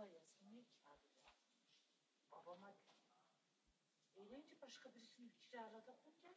kafayasını çıkardılar. Babama Eğlence başka birisini kiraladı bulacak.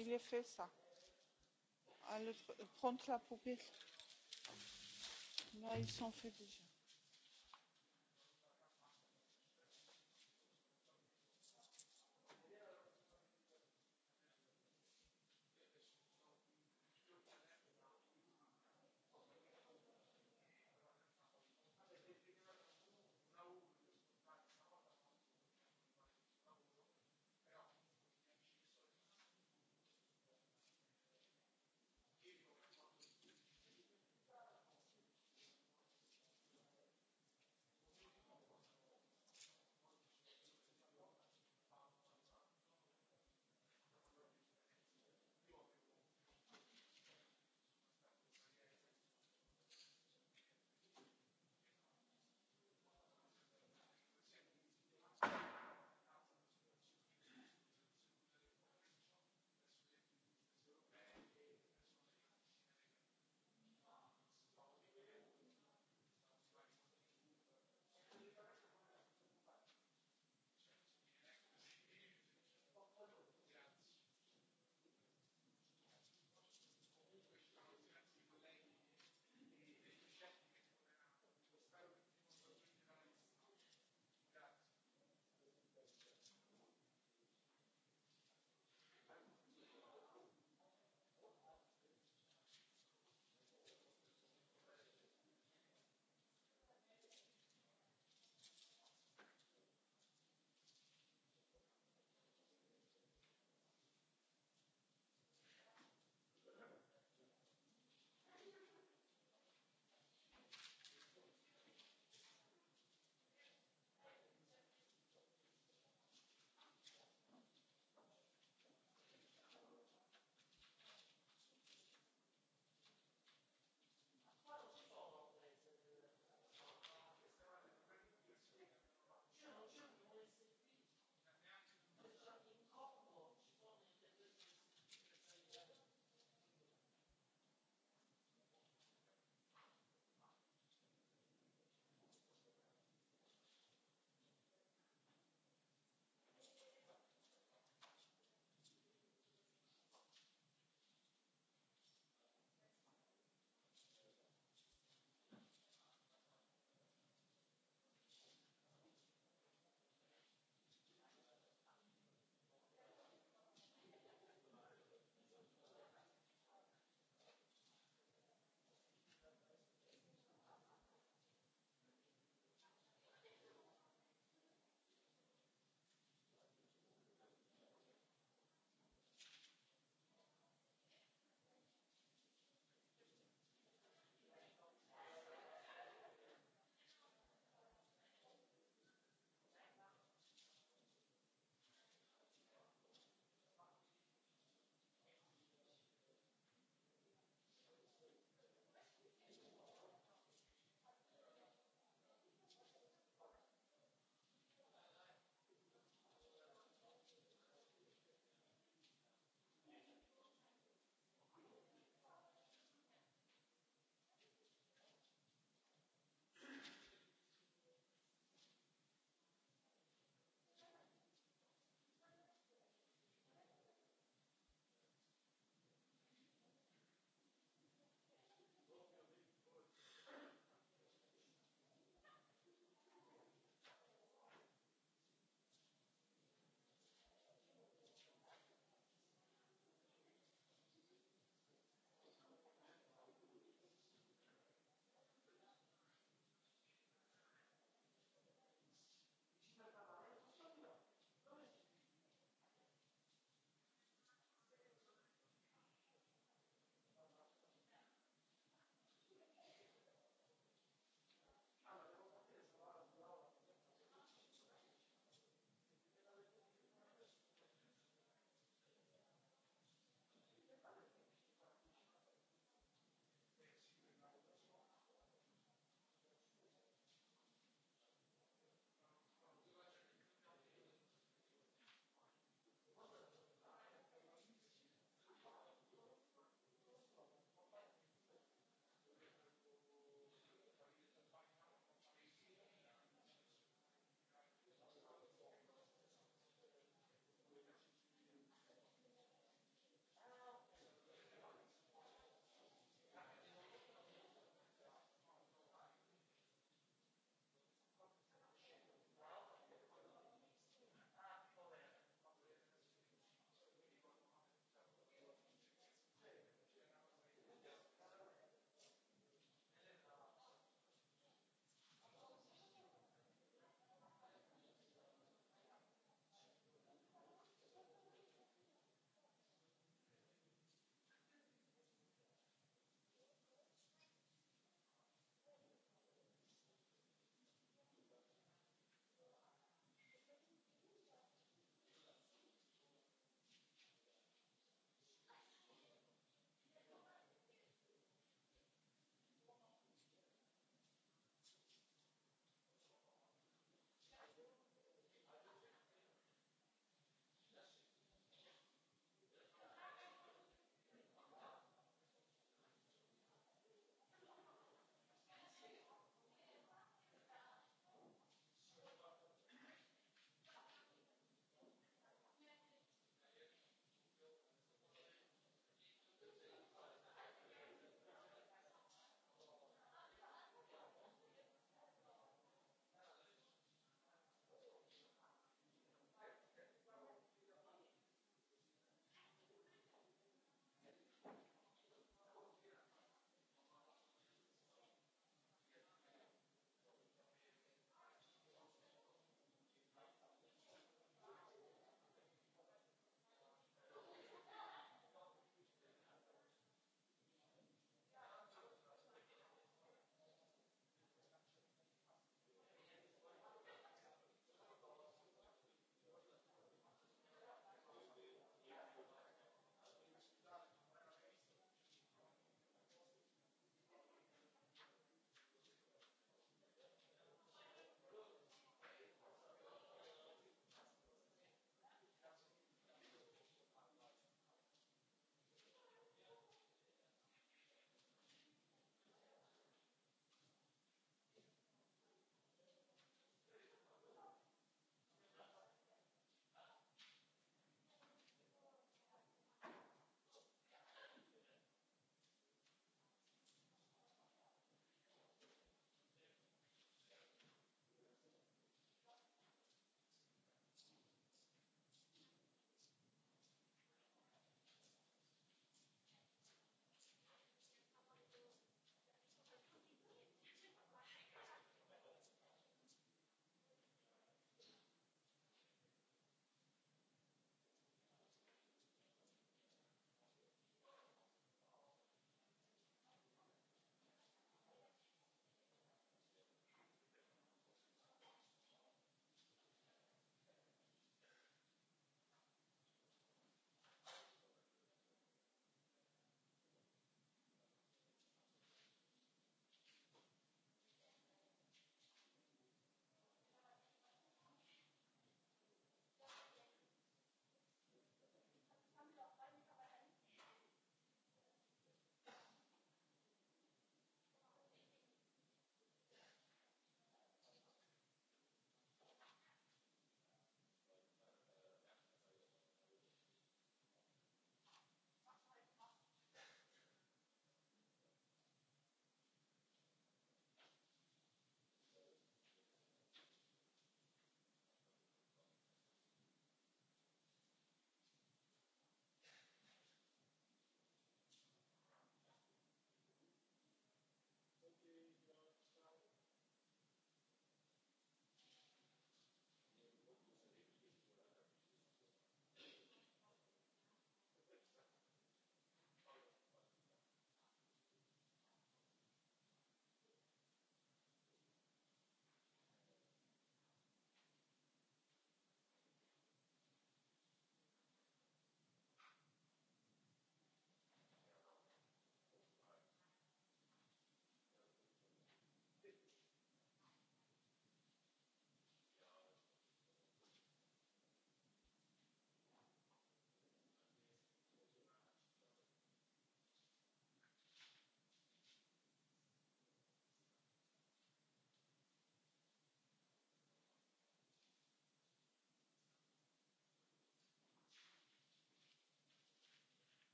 il est fait ça. À le, prendre la poubelle. Là, ils sont faits déjà.